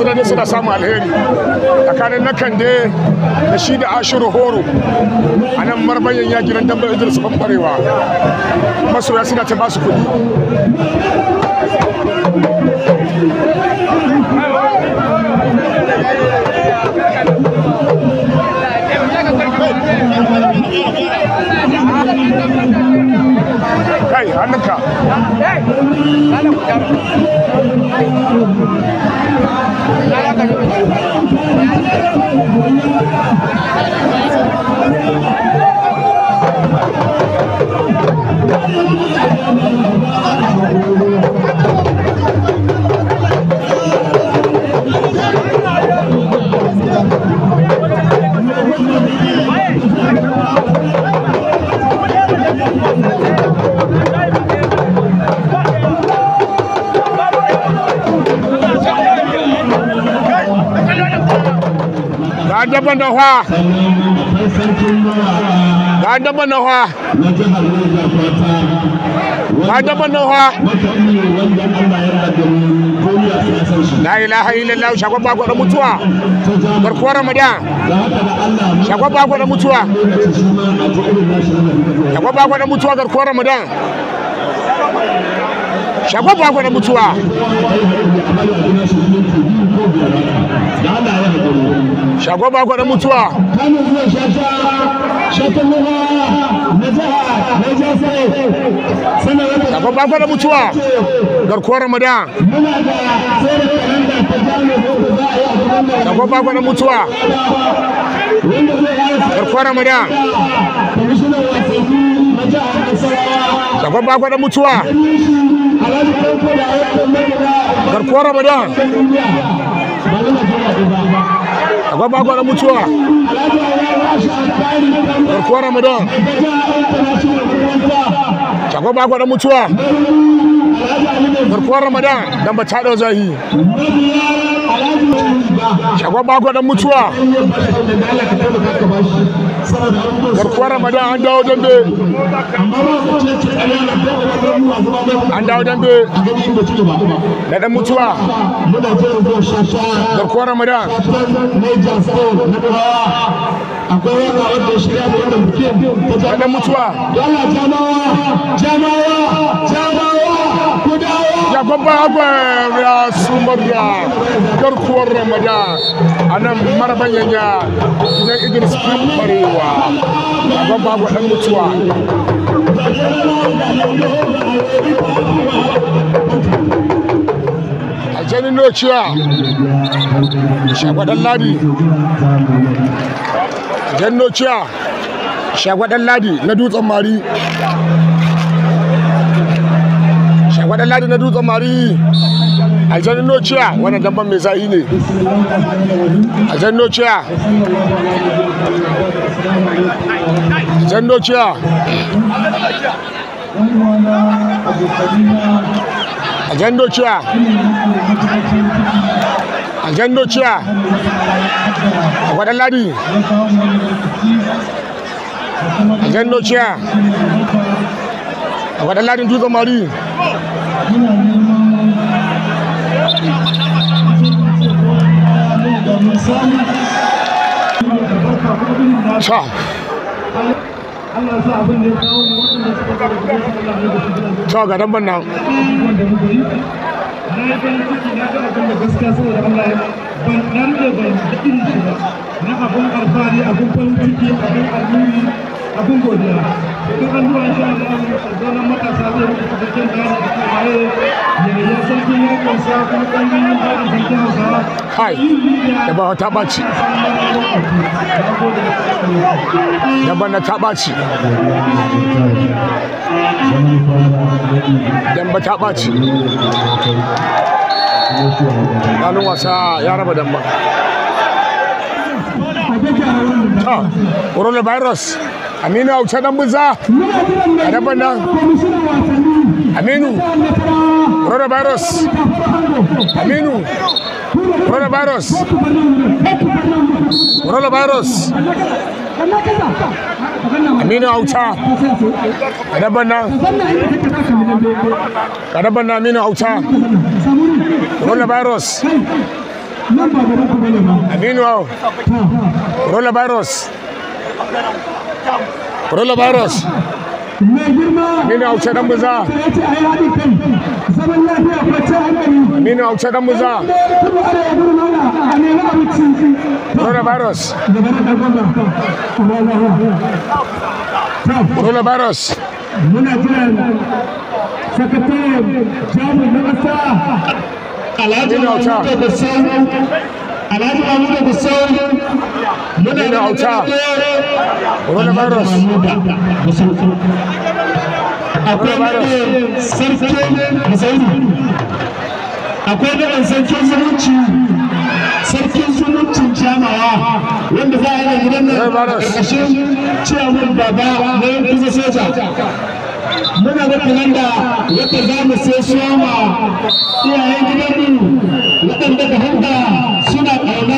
su ne suna samun alheri tsakanin na kande da shi da ashiru horo a nan marmayan ya gidan dambe idris bambarewa masoya suna ta basu kuɗi kai hannunka اها تا جي ga dabban da fa ga dabban da fa ga dabban da fa la ilaha illallah shagwa ba da mutuwa garkuwar ramadan shagwa ba da mutuwa shagwa ba da mutuwa garkuwar ramadan shagwa ba gwada mutuwa da Allah shago ba gwada mutuwa shago ba gwada mutuwa garkuwar ramadan shago ba gwada mutuwa garkuwar ramadan shago ba gwada mutuwa garkuwar ramadan baba gwara mutuwa garkuwar ramadan shagwa ba gwada mutuwa garkuwar ramadan don ba zahi shagwa bako dan mutuwa garkuwar ramadan an dawo dambe an dawo dambe na dan mutuwa garkuwar ramadan akwai wata wadda shirya da wannan bikin ta jama'a mutuwa jamawa. jama'a jama'a shafaffen agwar ya sumar da garkuwar ramada a nan maraban yanya gidan idris kan barewa shafaffen agwar dan mutuwa a janin nociya shagwadan ladi jan nociya shagwadan ladi na dutsen mari gwadan da na dutsen mari a janin nociya wani dabban mai za'i ne a janin nociya a janin nociya a janin nociya a janin nociya a gwadan a janin nociya a faɗin ladin dutsen mari ta ta ga a nan ban nan da ban cikin shi ba na abin alfahari abin farin ciki abin abin godiya duk an zuwa insha Allah zaunan matasa zai mutu cikakken bayani a kan waye yaya sarki ya kansa kuma ɗanyen yin bayan sarki hausawa kai da ba ta ɓaci da ba na ta ɓaci dan ba ta ɓaci ranar wasa ya raba damba. Oh, coronavirus. aminu auce dan buza a dabban nan aminu coronavirus aminu coronavirus coronavirus aminu auta a dabban nan a dabban nan aminu auta coronavirus aminu coronavirus coronavirus Aminu Hausa dan buza Aminu Hausa coronavirus coronavirus muna jiran sakataren jamus na ƙasa alhaji Alhaji Mahmud Gusau muna da auta coronavirus Gusau akwai ne sarkin akwai da sarkin zumunci sarkin zumuncin jamawa wanda za a yi gidan nan ƙarƙashin ciyawar baba na yin kusa soja muna da kalanda za mu sai suwa ma iyayen gidanmu waɗanda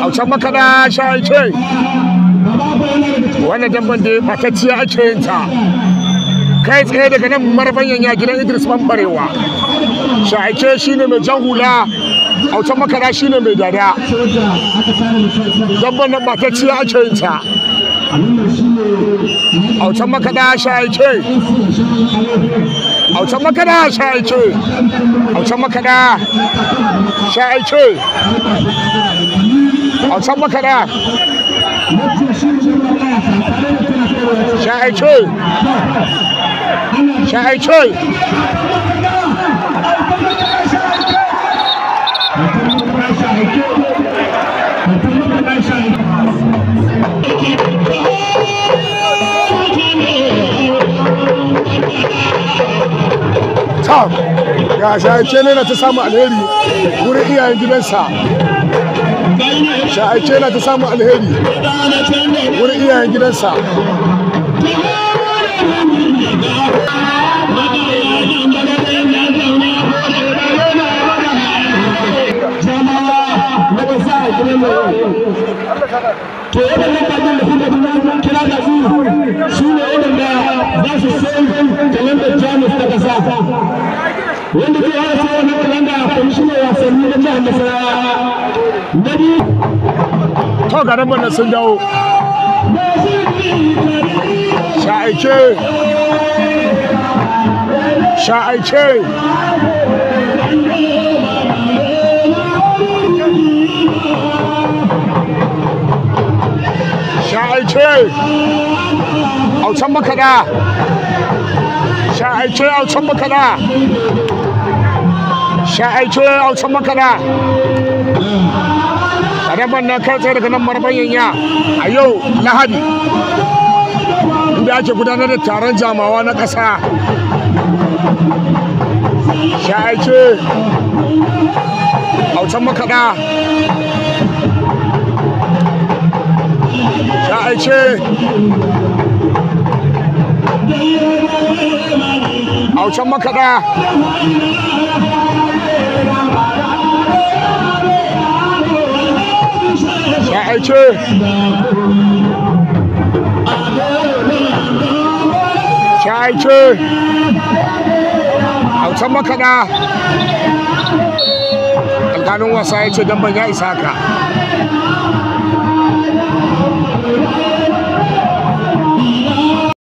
hausan makaɗa sha ce. wannan dabban da fatacciya ake yin ta kai tsaye daga nan marbanyan ya gidan idris banbarewa. sha ake shi ne mai jan hula hausan makaɗa shi ne mai dada dabban nan fatacciya ake yin ta hausan makaɗa sha ake hausan makada sha aike hausan makada sha aike on san maka da sha'ai coy sha'ai coy ga shi ne na ta samu alheri wurin iyayen sa. sha'aice yana ta samun alheri wani iyayen gidansa to waɗannan bakin da suka bi mun kira da su su ne waɗanda za su sai kalandar jamus ta wanda zai hana kwamishinan wasanni na jihar nasarawa na biyu to garin mana sun dawo sha'aike sha'aike sha'aike autan makaɗa sha'aike autan makaɗa sha'aike autan makaɗa damban na kai daga nan marfayin ya a yau lahadi inda ake gudanar da taron jamawa na ƙasa sha'ake autan makaɗa sha'ake autan makaɗa aike aike maka makaɗa alƙalin wasa ya ce don ban ya isa ka